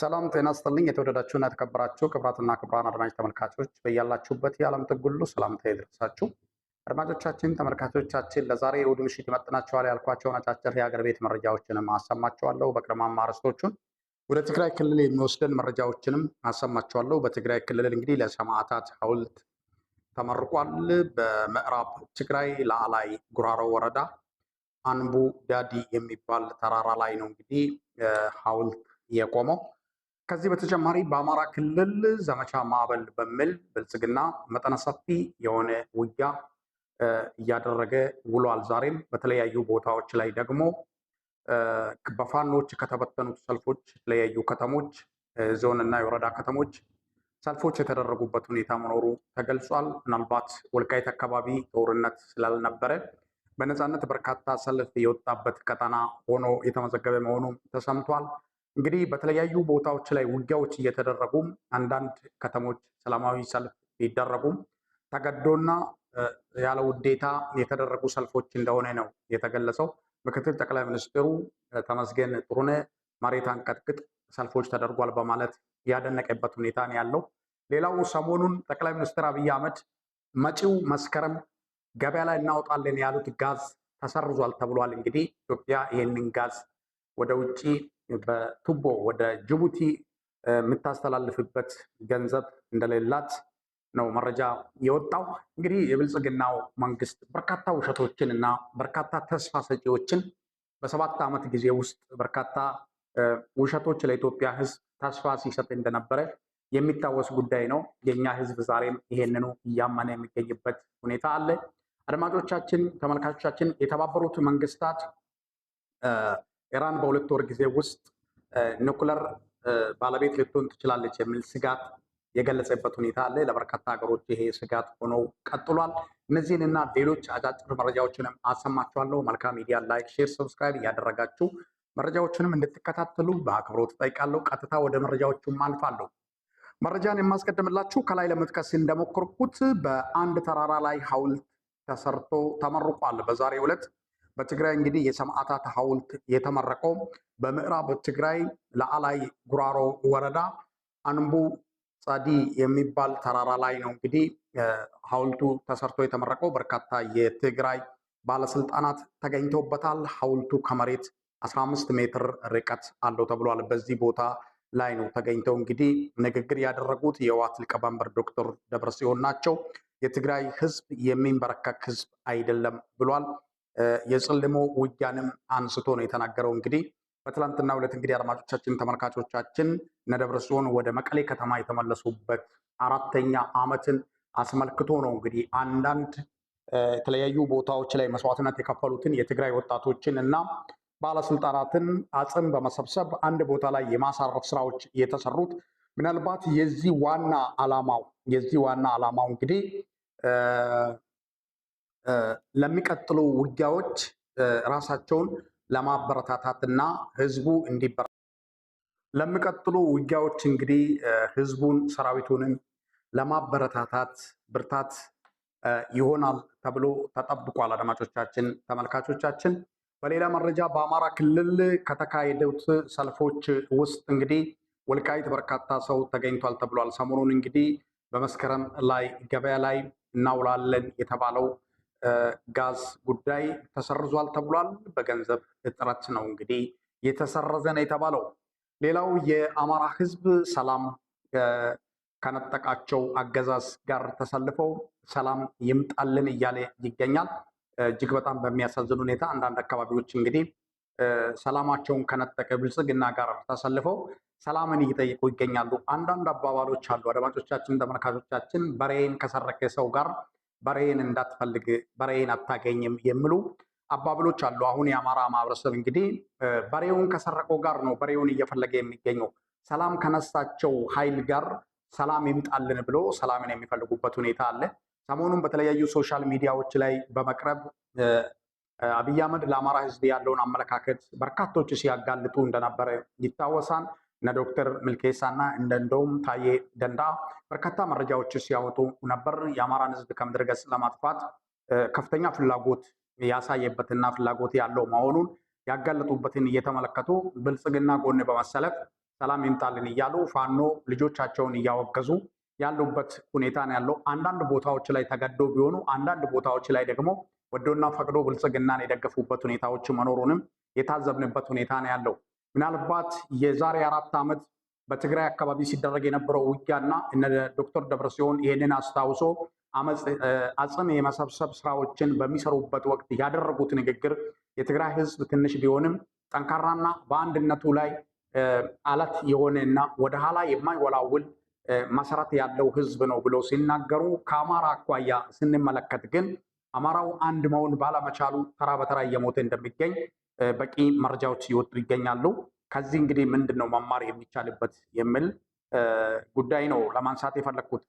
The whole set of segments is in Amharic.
ሰላም ጤና ስጥልኝ። የተወደዳችሁና የተከበራችሁ ክብራትና ክብራን አድማጭ ተመልካቾች በያላችሁበት የዓለም ጥግ ሰላምታ ይድረሳችሁ። አድማጮቻችን፣ ተመልካቾቻችን ለዛሬ የእሑድ ምሽት ይመጥናቸዋል ያልኳቸውን አጫጭር የሀገር ቤት መረጃዎችንም አሰማችኋለሁ። በቅድማማ አርዕስቶቹን ወደ ትግራይ ክልል የሚወስደን መረጃዎችንም አሰማችኋለሁ። በትግራይ ክልል እንግዲህ ለሰማዕታት ሐውልት ተመርቋል። በምዕራብ ትግራይ ላዕላይ ጉራሮ ወረዳ አንቡ ዳዲ የሚባል ተራራ ላይ ነው እንግዲህ ሐውልት የቆመው ከዚህ በተጨማሪ በአማራ ክልል ዘመቻ ማዕበል በሚል ብልጽግና መጠነ ሰፊ የሆነ ውጊያ እያደረገ ውሏል። ዛሬም በተለያዩ ቦታዎች ላይ ደግሞ በፋኖች ከተበተኑት ሰልፎች የተለያዩ ከተሞች ዞን እና የወረዳ ከተሞች ሰልፎች የተደረጉበት ሁኔታ መኖሩ ተገልጿል። ምናልባት ወልቃይት አካባቢ ጦርነት ስላልነበረ በነፃነት በርካታ ሰልፍ የወጣበት ቀጠና ሆኖ የተመዘገበ መሆኑም ተሰምቷል። እንግዲህ በተለያዩ ቦታዎች ላይ ውጊያዎች እየተደረጉም አንዳንድ ከተሞች ሰላማዊ ሰልፍ ቢደረጉም ተገዶና ያለ ውዴታ የተደረጉ ሰልፎች እንደሆነ ነው የተገለጸው። ምክትል ጠቅላይ ሚኒስትሩ ተመስገን ጥሩነህ መሬት አንቀጥቅጥ ሰልፎች ተደርጓል በማለት ያደነቀበት ሁኔታ ነው ያለው። ሌላው ሰሞኑን ጠቅላይ ሚኒስትር አብይ አህመድ መጪው መስከረም ገበያ ላይ እናወጣለን ያሉት ጋዝ ተሰርዟል ተብሏል። እንግዲህ ኢትዮጵያ ይህንን ጋዝ ወደ ውጭ በቱቦ ወደ ጅቡቲ የምታስተላልፍበት ገንዘብ እንደሌላት ነው መረጃ የወጣው። እንግዲህ የብልጽግናው መንግስት በርካታ ውሸቶችን እና በርካታ ተስፋ ሰጪዎችን በሰባት ዓመት ጊዜ ውስጥ በርካታ ውሸቶች ለኢትዮጵያ ሕዝብ ተስፋ ሲሰጥ እንደነበረ የሚታወስ ጉዳይ ነው። የእኛ ሕዝብ ዛሬም ይሄንኑ እያመነ የሚገኝበት ሁኔታ አለ። አድማጮቻችን፣ ተመልካቾቻችን የተባበሩት መንግስታት ኢራን በሁለት ወር ጊዜ ውስጥ ኒኩለር ባለቤት ልትሆን ትችላለች የሚል ስጋት የገለጸበት ሁኔታ አለ። ለበርካታ ሀገሮች ይሄ ስጋት ሆኖ ቀጥሏል። እነዚህን እና ሌሎች አጫጭር መረጃዎችንም አሰማችኋለሁ። መልካም ሚዲያ ላይክ፣ ሼር፣ ሰብስክራይብ እያደረጋችሁ መረጃዎችንም እንድትከታተሉ በአክብሮት እጠይቃለሁ። ቀጥታ ወደ መረጃዎቹም አልፋለሁ። መረጃን የማስቀድምላችሁ ከላይ ለመጥቀስ እንደሞከርኩት በአንድ ተራራ ላይ ሐውልት ተሰርቶ ተመርቋል። በዛሬው ዕለት በትግራይ እንግዲህ የሰማዕታት ሐውልት የተመረቀው በምዕራብ ትግራይ ለአላይ ጉራሮ ወረዳ አንቡ ጻዲ የሚባል ተራራ ላይ ነው። እንግዲህ ሐውልቱ ተሰርቶ የተመረቀው በርካታ የትግራይ ባለስልጣናት ተገኝተውበታል። ሐውልቱ ከመሬት 15 ሜትር ርቀት አለው ተብሏል። በዚህ ቦታ ላይ ነው ተገኝተው እንግዲህ ንግግር ያደረጉት የህወሓት ሊቀመንበር ዶክተር ደብረጽዮን ናቸው። የትግራይ ህዝብ የሚንበረከክ ህዝብ አይደለም ብሏል። የጽልሞ ውጊያንም አንስቶ ነው የተናገረው። እንግዲህ በትላንትና ሁለት እንግዲህ አድማጮቻችን፣ ተመልካቾቻችን እነደብረ ጽዮን ወደ መቀሌ ከተማ የተመለሱበት አራተኛ ዓመትን አስመልክቶ ነው እንግዲህ አንዳንድ የተለያዩ ቦታዎች ላይ መስዋዕትነት የከፈሉትን የትግራይ ወጣቶችን እና ባለስልጣናትን አጽም በመሰብሰብ አንድ ቦታ ላይ የማሳረፍ ስራዎች የተሰሩት ምናልባት የዚህ ዋና አላማው የዚህ ዋና ዓላማው እንግዲህ ለሚቀጥሉ ውጊያዎች ራሳቸውን ለማበረታታትና ህዝቡ እንዲበራ ለሚቀጥሉ ውጊያዎች እንግዲህ ህዝቡን ሰራዊቱንም ለማበረታታት ብርታት ይሆናል ተብሎ ተጠብቋል። አድማጮቻችን፣ ተመልካቾቻችን በሌላ መረጃ በአማራ ክልል ከተካሄዱት ሰልፎች ውስጥ እንግዲህ ወልቃይት በርካታ ሰው ተገኝቷል ተብሏል። ሰሞኑን እንግዲህ በመስከረም ላይ ገበያ ላይ እናውላለን የተባለው ጋዝ ጉዳይ ተሰርዟል ተብሏል። በገንዘብ እጥረት ነው እንግዲህ የተሰረዘ ነው የተባለው። ሌላው የአማራ ህዝብ ሰላም ከነጠቃቸው አገዛዝ ጋር ተሰልፈው ሰላም ይምጣልን እያለ ይገኛል። እጅግ በጣም በሚያሳዝን ሁኔታ አንዳንድ አካባቢዎች እንግዲህ ሰላማቸውን ከነጠቀ ብልጽግና ጋር ተሰልፈው ሰላምን እየጠየቁ ይገኛሉ። አንዳንድ አባባሎች አሉ። አድማጮቻችን፣ ተመልካቾቻችን በሬን ከሰረቀ ሰው ጋር በሬን እንዳትፈልግ በሬን አታገኝም የሚሉ አባብሎች አሉ። አሁን የአማራ ማህበረሰብ እንግዲህ በሬውን ከሰረቀው ጋር ነው በሬውን እየፈለገ የሚገኘው። ሰላም ከነሳቸው ኃይል ጋር ሰላም ይምጣልን ብሎ ሰላምን የሚፈልጉበት ሁኔታ አለ። ሰሞኑን በተለያዩ ሶሻል ሚዲያዎች ላይ በመቅረብ አብይ አህመድ ለአማራ ህዝብ ያለውን አመለካከት በርካቶች ሲያጋልጡ እንደነበረ ይታወሳል። እነ ዶክተር ምልኬሳና እንደ እንደውም ታዬ ደንዳ በርካታ መረጃዎች ሲያወጡ ነበር። የአማራን ህዝብ ከምድረ ገጽ ለማጥፋት ከፍተኛ ፍላጎት ያሳየበትና ፍላጎት ያለው መሆኑን ያጋለጡበትን እየተመለከቱ ብልጽግና ጎን በመሰለፍ ሰላም ይምጣልን እያሉ ፋኖ ልጆቻቸውን እያወገዙ ያሉበት ሁኔታ ነው ያለው። አንዳንድ ቦታዎች ላይ ተገዶ ቢሆኑ፣ አንዳንድ ቦታዎች ላይ ደግሞ ወዶና ፈቅዶ ብልጽግናን የደገፉበት ሁኔታዎች መኖሩንም የታዘብንበት ሁኔታ ነው ያለው። ምናልባት የዛሬ አራት ዓመት በትግራይ አካባቢ ሲደረግ የነበረው ውጊያና እነ ዶክተር ደብረጽዮን ይህንን አስታውሶ አጽም የመሰብሰብ ስራዎችን በሚሰሩበት ወቅት ያደረጉት ንግግር የትግራይ ህዝብ ትንሽ ቢሆንም ጠንካራና በአንድነቱ ላይ አለት የሆነና ወደ ኋላ የማይወላውል መሰረት ያለው ህዝብ ነው ብሎ ሲናገሩ፣ ከአማራ አኳያ ስንመለከት ግን አማራው አንድ መሆን ባለመቻሉ ተራ በተራ እየሞተ እንደሚገኝ በቂ መረጃዎች እየወጡ ይገኛሉ። ከዚህ እንግዲህ ምንድን ነው መማር የሚቻልበት የሚል ጉዳይ ነው ለማንሳት የፈለግኩት።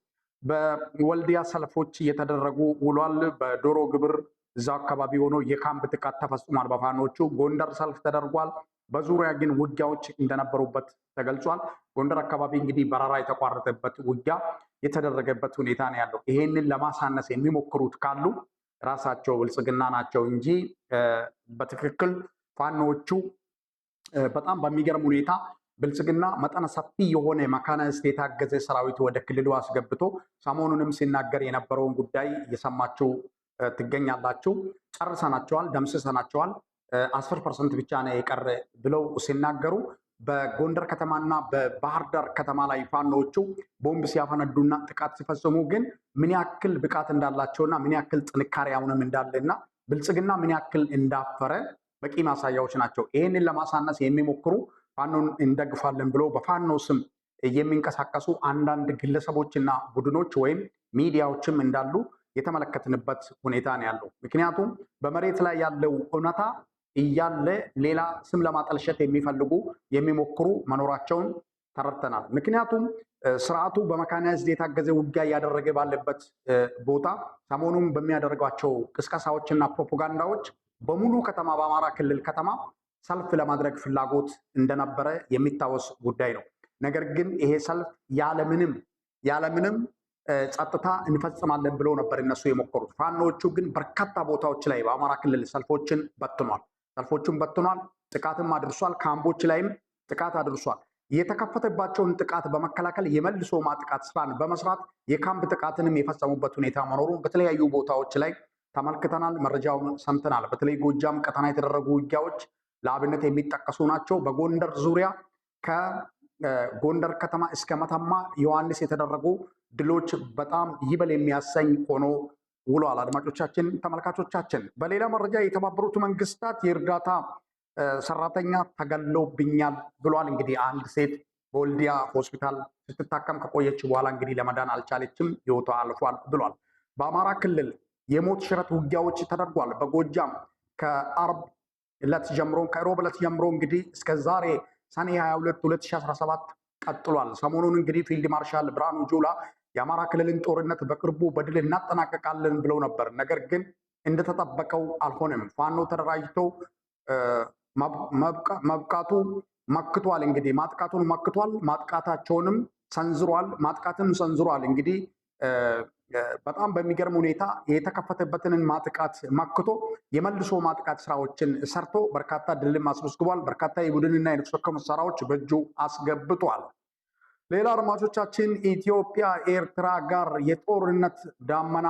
በወልዲያ ሰልፎች እየተደረጉ ውሏል። በዶሮ ግብር እዛ አካባቢ ሆኖ የካምፕ ጥቃት ተፈጽሟል በፋኖቹ። ጎንደር ሰልፍ ተደርጓል። በዙሪያ ግን ውጊያዎች እንደነበሩበት ተገልጿል። ጎንደር አካባቢ እንግዲህ በረራ የተቋረጠበት ውጊያ የተደረገበት ሁኔታ ነው ያለው። ይሄንን ለማሳነስ የሚሞክሩት ካሉ ራሳቸው ብልጽግና ናቸው እንጂ በትክክል ፋኖዎቹ በጣም በሚገርም ሁኔታ ብልጽግና መጠነ ሰፊ የሆነ መካናይዝድ የታገዘ ሰራዊት ወደ ክልሉ አስገብቶ ሰሞኑንም ሲናገር የነበረውን ጉዳይ እየሰማችሁ ትገኛላችሁ። ጨርሰናቸዋል፣ ደምስሰናቸዋል፣ አስር ፐርሰንት ብቻ ነው የቀረ ብለው ሲናገሩ በጎንደር ከተማና በባህር ዳር ከተማ ላይ ፋኖዎቹ ቦምብ ሲያፈነዱና ጥቃት ሲፈጽሙ ግን ምን ያክል ብቃት እንዳላቸውና ምን ያክል ጥንካሬ አሁንም እንዳለና ብልጽግና ምን ያክል እንዳፈረ በቂ ማሳያዎች ናቸው። ይህንን ለማሳነስ የሚሞክሩ ፋኖን እንደግፋለን ብሎ በፋኖ ስም የሚንቀሳቀሱ አንዳንድ ግለሰቦችና ቡድኖች ወይም ሚዲያዎችም እንዳሉ የተመለከትንበት ሁኔታ ነው ያለው። ምክንያቱም በመሬት ላይ ያለው እውነታ እያለ ሌላ ስም ለማጠልሸት የሚፈልጉ የሚሞክሩ መኖራቸውን ተረድተናል። ምክንያቱም ስርዓቱ በመካናይዝድ የታገዘ ውጊያ እያደረገ ባለበት ቦታ ሰሞኑን በሚያደርጓቸው ቅስቀሳዎችና ፕሮፓጋንዳዎች በሙሉ ከተማ በአማራ ክልል ከተማ ሰልፍ ለማድረግ ፍላጎት እንደነበረ የሚታወስ ጉዳይ ነው። ነገር ግን ይሄ ሰልፍ ያለምንም ያለምንም ጸጥታ እንፈጽማለን ብለው ነበር እነሱ የሞከሩት። ፋኖቹ ግን በርካታ ቦታዎች ላይ በአማራ ክልል ሰልፎችን በትኗል። ሰልፎቹን በትኗል፣ ጥቃትም አድርሷል። ካምቦች ላይም ጥቃት አድርሷል። የተከፈተባቸውን ጥቃት በመከላከል የመልሶ ማጥቃት ስራን በመስራት የካምፕ ጥቃትንም የፈጸሙበት ሁኔታ መኖሩን በተለያዩ ቦታዎች ላይ ተመልክተናል፣ መረጃውን ሰምተናል። በተለይ ጎጃም ቀጠና የተደረጉ ውጊያዎች ለአብነት የሚጠቀሱ ናቸው። በጎንደር ዙሪያ ከጎንደር ከተማ እስከ መተማ ዮሐንስ የተደረጉ ድሎች በጣም ይበል የሚያሰኝ ሆኖ ውሏል። አድማጮቻችን፣ ተመልካቾቻችን በሌላ መረጃ የተባበሩት መንግስታት የእርዳታ ሰራተኛ ተገሎብኛል ብሏል። እንግዲህ አንድ ሴት በወልዲያ ሆስፒታል ስትታከም ከቆየች በኋላ እንግዲህ ለመዳን አልቻለችም፣ ህይወቷ አልፏል ብሏል። በአማራ ክልል የሞት ሽረት ውጊያዎች ተደርጓል። በጎጃም ከአርብ ዕለት ጀምሮ ከሮብ ዕለት ጀምሮ እንግዲህ እስከ ዛሬ ሰኔ 22 2017 ቀጥሏል። ሰሞኑን እንግዲህ ፊልድ ማርሻል ብርሃኑ ጁላ የአማራ ክልልን ጦርነት በቅርቡ በድል እናጠናቀቃለን ብለው ነበር። ነገር ግን እንደተጠበቀው አልሆነም። ፋኖ ተደራጅቶ መብቃቱ መክቷል። እንግዲህ ማጥቃቱን መክቷል። ማጥቃታቸውንም ሰንዝሯል። ማጥቃትም ሰንዝሯል። እንግዲህ በጣም በሚገርም ሁኔታ የተከፈተበትን ማጥቃት ማክቶ የመልሶ ማጥቃት ስራዎችን ሰርቶ በርካታ ድልም አስመዝግቧል። በርካታ የቡድንና የነፍስ ወከፍ መሳሪያዎች በእጁ አስገብቷል። ሌላ አድማጮቻችን፣ ኢትዮጵያ ኤርትራ ጋር የጦርነት ዳመና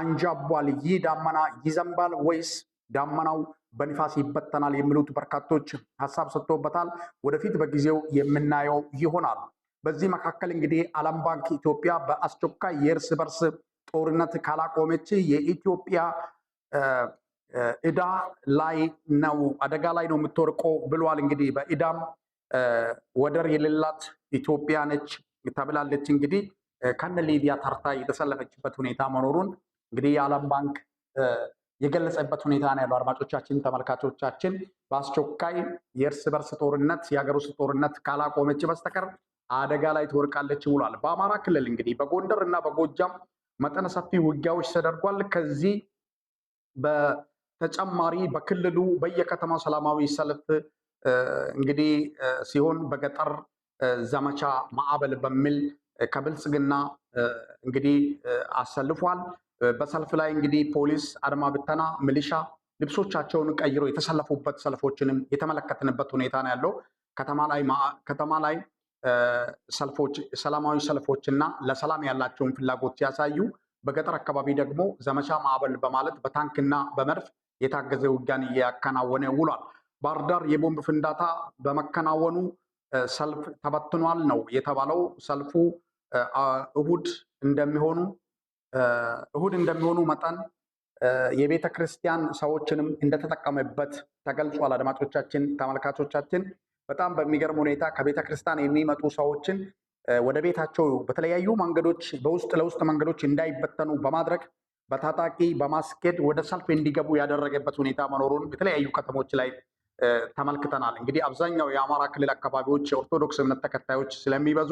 አንጃቧል ይህ ዳመና ይዘንባል ወይስ ዳመናው በንፋስ ይበተናል? የሚሉት በርካቶች ሀሳብ ሰጥቶበታል። ወደፊት በጊዜው የምናየው ይሆናል። በዚህ መካከል እንግዲህ ዓለም ባንክ ኢትዮጵያ በአስቸኳይ የእርስ በርስ ጦርነት ካላቆመች የኢትዮጵያ እዳ ላይ ነው አደጋ ላይ ነው የምትወርቆ ብሏል። እንግዲህ በእዳም ወደር የሌላት ኢትዮጵያ ነች ተብላለች። እንግዲህ ከነ ሊቢያ ተርታ የተሰለፈችበት ሁኔታ መኖሩን እንግዲህ የዓለም ባንክ የገለጸበት ሁኔታ ነው ያሉ አድማጮቻችን፣ ተመልካቾቻችን በአስቸኳይ የእርስ በርስ ጦርነት የሀገር ውስጥ ጦርነት ካላቆመች በስተቀር አደጋ ላይ ትወርቃለች ብሏል። በአማራ ክልል እንግዲህ በጎንደር እና በጎጃም መጠነ ሰፊ ውጊያዎች ተደርጓል። ከዚህ በተጨማሪ በክልሉ በየከተማ ሰላማዊ ሰልፍ እንግዲህ ሲሆን በገጠር ዘመቻ ማዕበል በሚል ከብልጽግና እንግዲህ አሰልፏል። በሰልፍ ላይ እንግዲህ ፖሊስ፣ አድማ ብተና፣ ሚሊሻ ልብሶቻቸውን ቀይሮ የተሰለፉበት ሰልፎችንም የተመለከትንበት ሁኔታ ነው ያለው ከተማ ላይ ሰልፎች ሰላማዊ ሰልፎች እና ለሰላም ያላቸውን ፍላጎት ሲያሳዩ፣ በገጠር አካባቢ ደግሞ ዘመቻ ማዕበል በማለት በታንክና በመድፍ የታገዘ ውጊያን እያከናወነ ውሏል። ባህር ዳር የቦምብ ፍንዳታ በመከናወኑ ሰልፍ ተበትኗል ነው የተባለው። ሰልፉ እሁድ እንደሚሆኑ እሁድ እንደሚሆኑ መጠን የቤተ ክርስቲያን ሰዎችንም እንደተጠቀመበት ተገልጿል። አድማጮቻችን፣ ተመልካቾቻችን በጣም በሚገርም ሁኔታ ከቤተ ክርስቲያን የሚመጡ ሰዎችን ወደ ቤታቸው በተለያዩ መንገዶች በውስጥ ለውስጥ መንገዶች እንዳይበተኑ በማድረግ በታጣቂ በማስኬድ ወደ ሰልፍ እንዲገቡ ያደረገበት ሁኔታ መኖሩን የተለያዩ ከተሞች ላይ ተመልክተናል። እንግዲህ አብዛኛው የአማራ ክልል አካባቢዎች የኦርቶዶክስ እምነት ተከታዮች ስለሚበዙ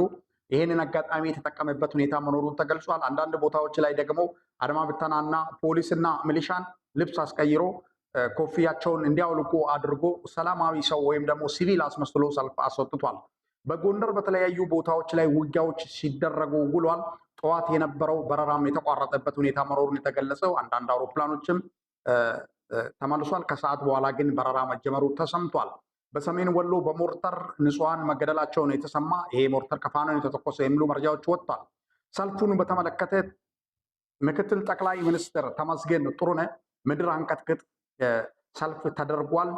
ይህንን አጋጣሚ የተጠቀመበት ሁኔታ መኖሩን ተገልጿል። አንዳንድ ቦታዎች ላይ ደግሞ አድማ ብተናና ፖሊስና ሚሊሻን ልብስ አስቀይሮ ኮፍያቸውን እንዲያውልቁ አድርጎ ሰላማዊ ሰው ወይም ደግሞ ሲቪል አስመስሎ ሰልፍ አስወጥቷል። በጎንደር በተለያዩ ቦታዎች ላይ ውጊያዎች ሲደረጉ ውሏል። ጠዋት የነበረው በረራም የተቋረጠበት ሁኔታ መኖሩን የተገለጸው አንዳንድ አውሮፕላኖችም ተመልሷል። ከሰዓት በኋላ ግን በረራ መጀመሩ ተሰምቷል። በሰሜን ወሎ በሞርተር ንጹሐን መገደላቸው የተሰማ። ይሄ ሞርተር ከፋኖን የተተኮሰ የሚሉ መረጃዎች ወጥቷል። ሰልፉን በተመለከተ ምክትል ጠቅላይ ሚኒስትር ተመስገን ጥሩነህ ምድር አንቀጥቅጥ ሰልፍ ተደርጓል።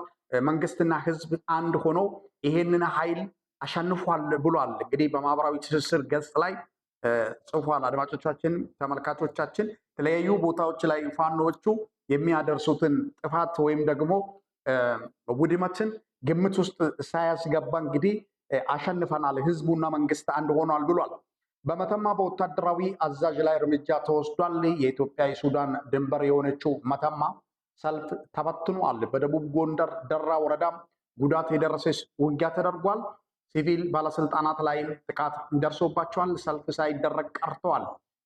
መንግስትና ህዝብ አንድ ሆኖ ይሄንን ኃይል አሸንፏል ብሏል። እንግዲህ በማህበራዊ ትስስር ገጽ ላይ ጽፏል። አድማጮቻችን፣ ተመልካቾቻችን የተለያዩ ቦታዎች ላይ ፋኖዎቹ የሚያደርሱትን ጥፋት ወይም ደግሞ ውድመትን ግምት ውስጥ ሳያስገባ እንግዲህ አሸንፈናል፣ ህዝቡና መንግስት አንድ ሆኗል ብሏል። በመተማ በወታደራዊ አዛዥ ላይ እርምጃ ተወስዷል። የኢትዮጵያ የሱዳን ድንበር የሆነችው መተማ ሰልፍ ተበትኗል። በደቡብ ጎንደር ደራ ወረዳ ጉዳት የደረሰ ውጊያ ተደርጓል። ሲቪል ባለስልጣናት ላይም ጥቃት ደርሶባቸዋል። ሰልፍ ሳይደረግ ቀርተዋል።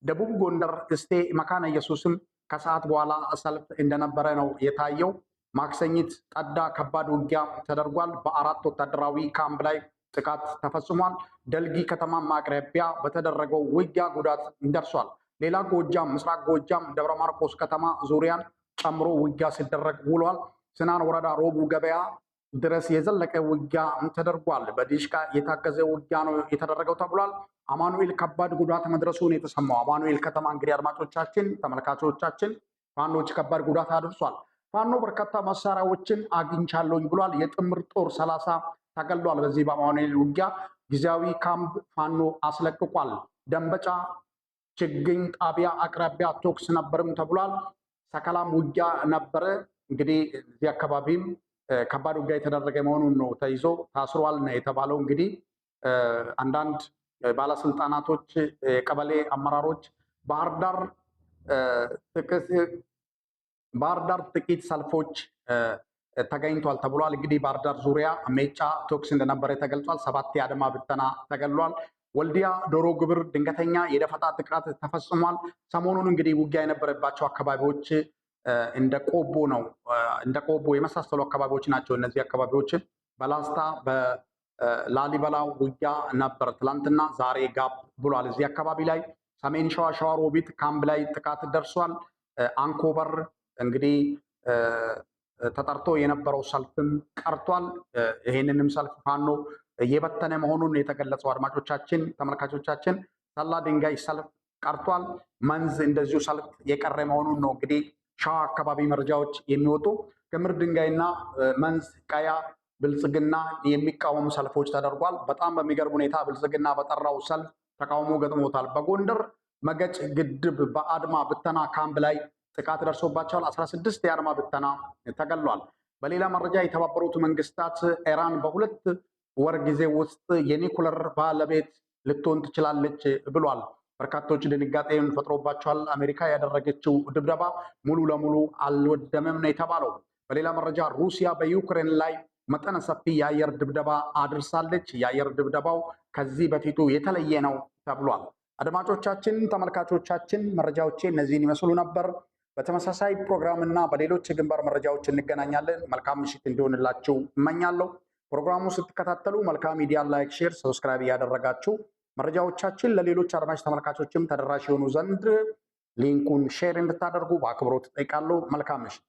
ደቡብ ጎንደር እስቴ መካነ ኢየሱስም ከሰዓት በኋላ ሰልፍ እንደነበረ ነው የታየው። ማክሰኝት ጠዳ ከባድ ውጊያ ተደርጓል። በአራት ወታደራዊ ካምፕ ላይ ጥቃት ተፈጽሟል። ደልጊ ከተማ ማቅረቢያ በተደረገው ውጊያ ጉዳት ደርሷል። ሌላ ጎጃም፣ ምስራቅ ጎጃም ደብረ ማርቆስ ከተማ ዙሪያን ጨምሮ ውጊያ ሲደረግ ውሏል። ስናን ወረዳ ሮቡ ገበያ ድረስ የዘለቀ ውጊያ ተደርጓል። በዲሽቃ የታገዘ ውጊያ ነው የተደረገው ተብሏል። አማኑኤል ከባድ ጉዳት መድረሱን የተሰማው አማኑኤል ከተማ እንግዲህ አድማጮቻችን፣ ተመልካቾቻችን ፋኖች ከባድ ጉዳት አድርሷል። ፋኖ በርካታ መሳሪያዎችን አግኝቻለሁኝ ብሏል። የጥምር ጦር ሰላሳ ተገሏል። በዚህ በአማኑኤል ውጊያ ጊዜያዊ ካምፕ ፋኖ አስለቅቋል። ደንበጫ ችግኝ ጣቢያ አቅራቢያ ቶክስ ነበርም ተብሏል። ሰከላም ውጊያ ነበረ። እንግዲህ እዚህ አካባቢም ከባድ ውጊያ የተደረገ መሆኑን ነው ተይዞ ታስሯል ነው የተባለው። እንግዲህ አንዳንድ ባለስልጣናቶች፣ የቀበሌ አመራሮች ባህር ዳር ጥቂት ሰልፎች ተገኝቷል ተብሏል። እንግዲህ ባህር ዳር ዙሪያ ሜጫ ቶክስ እንደነበረ ተገልጿል። ሰባት የአድማ ብተና ተገሏል። ወልዲያ ዶሮ ግብር ድንገተኛ የደፈጣ ጥቃት ተፈጽሟል። ሰሞኑን እንግዲህ ውጊያ የነበረባቸው አካባቢዎች እንደ ቆቦ ነው፣ እንደ ቆቦ የመሳሰሉ አካባቢዎች ናቸው። እነዚህ አካባቢዎች በላስታ በላሊበላ ውጊያ ነበር ትላንትና፣ ዛሬ ጋብ ብሏል። እዚህ አካባቢ ላይ ሰሜን ሸዋ ሸዋሮቢት ካምፕ ላይ ጥቃት ደርሷል። አንኮበር እንግዲህ ተጠርቶ የነበረው ሰልፍም ቀርቷል። ይሄንንም ሰልፍ ፋኖ እየበተነ መሆኑን የተገለጸው አድማጮቻችን፣ ተመልካቾቻችን ሰላ ድንጋይ ሰልፍ ቀርቷል። መንዝ እንደዚሁ ሰልፍ የቀረ መሆኑን ነው እንግዲህ ሸዋ አካባቢ መረጃዎች የሚወጡ ክምር ድንጋይና መንዝ ቀያ ብልጽግና የሚቃወሙ ሰልፎች ተደርጓል። በጣም በሚገርም ሁኔታ ብልጽግና በጠራው ሰልፍ ተቃውሞ ገጥሞታል። በጎንደር መገጭ ግድብ በአድማ ብተና ካምፕ ላይ ጥቃት ደርሶባቸዋል። 16 የአድማ ብተና ተገሏል። በሌላ መረጃ የተባበሩት መንግስታት ኢራን በሁለት ወር ጊዜ ውስጥ የኒኩለር ባለቤት ልትሆን ትችላለች ብሏል። በርካቶች ድንጋጤን ፈጥሮባቸዋል። አሜሪካ ያደረገችው ድብደባ ሙሉ ለሙሉ አልወደመም ነው የተባለው። በሌላ መረጃ ሩሲያ በዩክሬን ላይ መጠነ ሰፊ የአየር ድብደባ አድርሳለች። የአየር ድብደባው ከዚህ በፊቱ የተለየ ነው ተብሏል። አድማጮቻችን፣ ተመልካቾቻችን መረጃዎቼ እነዚህን ይመስሉ ነበር። በተመሳሳይ ፕሮግራም እና በሌሎች የግንባር መረጃዎች እንገናኛለን። መልካም ምሽት እንዲሆንላችሁ እመኛለሁ። ፕሮግራሙ ስትከታተሉ መልካም ሚዲያን ላይክ፣ ሼር፣ ሰብስክራይብ እያደረጋችሁ መረጃዎቻችን ለሌሎች አድማጭ ተመልካቾችም ተደራሽ የሆኑ ዘንድ ሊንኩን ሼር እንድታደርጉ በአክብሮት እጠይቃለሁ። መልካም ምሽት።